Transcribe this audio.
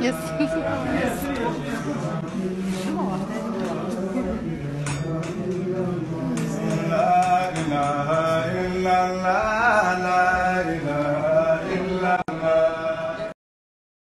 Yes. La ilaha illallah